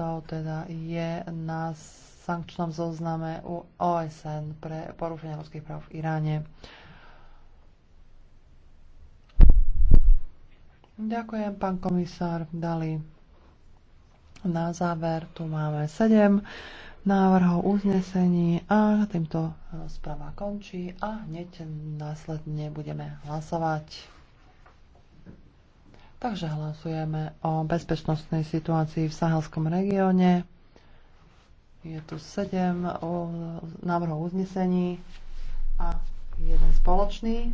To teda je na sankčnom zozname u OSN pre porušenie ľudských práv v Iráne. Ďakujem, pán komisár Dali. Na záver tu máme 7 návrhov uznesení a týmto správa končí a hneď následne budeme hlasovať. Takže hlasujeme o bezpečnostnej situácii v sahelskom regióne. Je tu 7 návrhov uznesení a jeden spoločný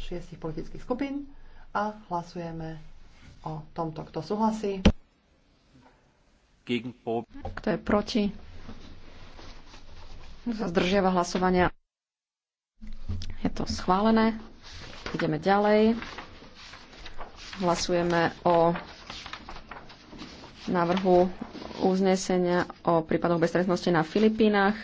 šiestich politických skupín a hlasujeme o tomto, kto súhlasí. Kto je proti? Zdržiava hlasovania. Je to schválené. Ideme ďalej. Hlasujeme o návrhu uznesenia o prípadoch beztrestnosti na Filipínach.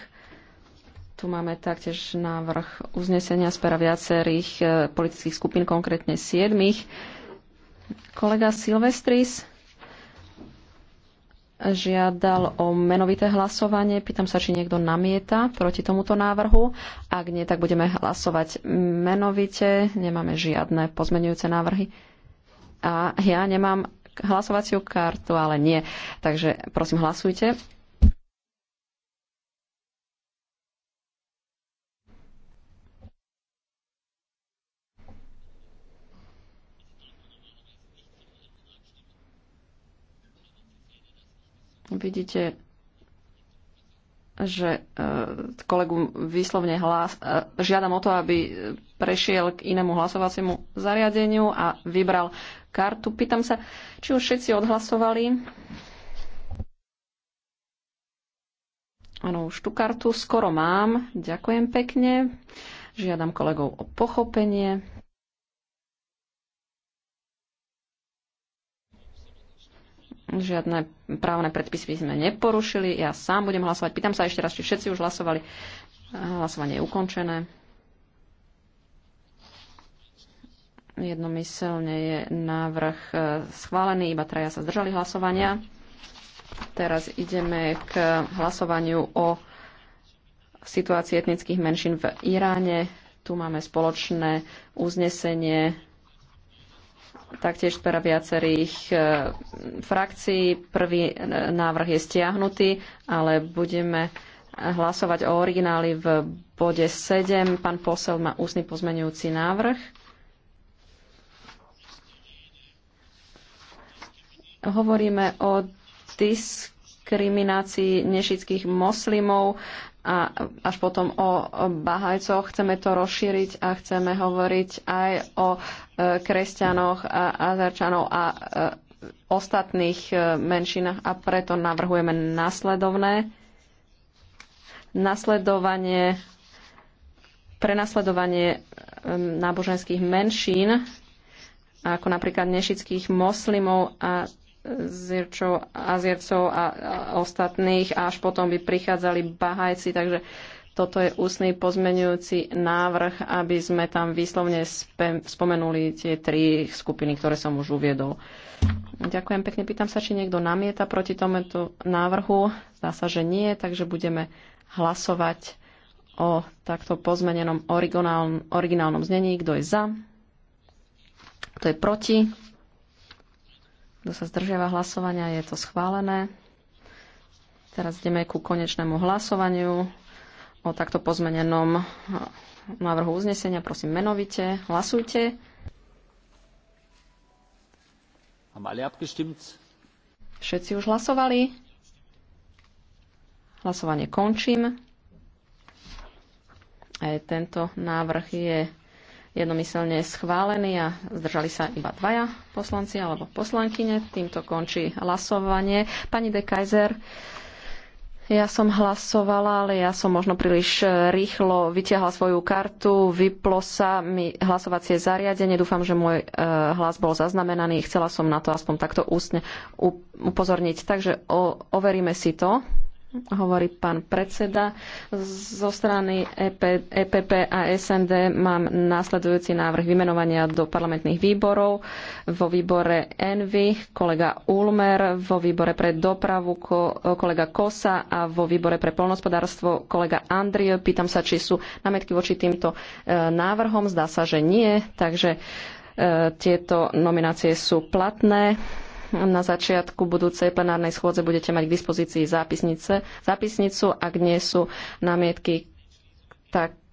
Tu máme taktiež návrh uznesenia z pera viacerých e, politických skupín, konkrétne siedmých. Kolega Silvestris žiadal o menovité hlasovanie. Pýtam sa, či niekto namieta proti tomuto návrhu. Ak nie, tak budeme hlasovať menovite. Nemáme žiadne pozmenujúce návrhy a ja nemám hlasovaciu kartu, ale nie. Takže prosím, hlasujte. Vidíte, že e, kolegu vyslovne hlas, e, žiadam o to, aby e, prešiel k inému hlasovaciemu zariadeniu a vybral kartu. Pýtam sa, či už všetci odhlasovali. Áno, už tú kartu skoro mám. Ďakujem pekne. Žiadam kolegov o pochopenie. Žiadne právne predpisy by sme neporušili. Ja sám budem hlasovať. Pýtam sa ešte raz, či všetci už hlasovali. Hlasovanie je ukončené. Jednomyselne je návrh e, schválený, iba traja sa zdržali hlasovania. Teraz ideme k hlasovaniu o situácii etnických menšín v Iráne. Tu máme spoločné uznesenie taktiež pre viacerých e, frakcií. Prvý e, návrh je stiahnutý, ale budeme hlasovať o origináli v bode 7. Pán posel má ústny pozmenujúci návrh. Hovoríme o diskriminácii nešických moslimov a až potom o Bahajcoch. Chceme to rozšíriť a chceme hovoriť aj o e, kresťanoch, a Azerčanov a e, ostatných e, menšinách a preto navrhujeme nasledovné nasledovanie prenasledovanie náboženských menšín, ako napríklad nešických moslimov a zirčov Aziercov a, a ostatných a až potom by prichádzali Bahajci, takže toto je ústny pozmenujúci návrh, aby sme tam výslovne spomenuli tie tri skupiny, ktoré som už uviedol. Ďakujem pekne. Pýtam sa, či niekto namieta proti tomuto návrhu. Zdá sa, že nie, takže budeme hlasovať o takto pozmenenom originálnom, originálnom znení. Kto je za? Kto je proti? Kto sa zdržiava hlasovania, je to schválené. Teraz ideme ku konečnému hlasovaniu o takto pozmenenom návrhu uznesenia. Prosím, menovite hlasujte. Všetci už hlasovali. Hlasovanie končím. Aj tento návrh je jednomyselne schválený a zdržali sa iba dvaja poslanci alebo poslankyne. Týmto končí hlasovanie. Pani de Kaiser, ja som hlasovala, ale ja som možno príliš e, rýchlo vytiahla svoju kartu, vyplo sa mi hlasovacie zariadenie. Dúfam, že môj e, hlas bol zaznamenaný. Chcela som na to aspoň takto ústne upozorniť. Takže overíme si to hovorí pán predseda. Zo strany EP, EPP a SND mám následujúci návrh vymenovania do parlamentných výborov. Vo výbore Envy kolega Ulmer, vo výbore pre dopravu kolega Kosa a vo výbore pre polnospodárstvo kolega Andrie. Pýtam sa, či sú námetky voči týmto e, návrhom. Zdá sa, že nie, takže e, tieto nominácie sú platné na začiatku budúcej plenárnej schôdze budete mať k dispozícii zápisnice, zápisnicu. Ak nie sú námietky, tak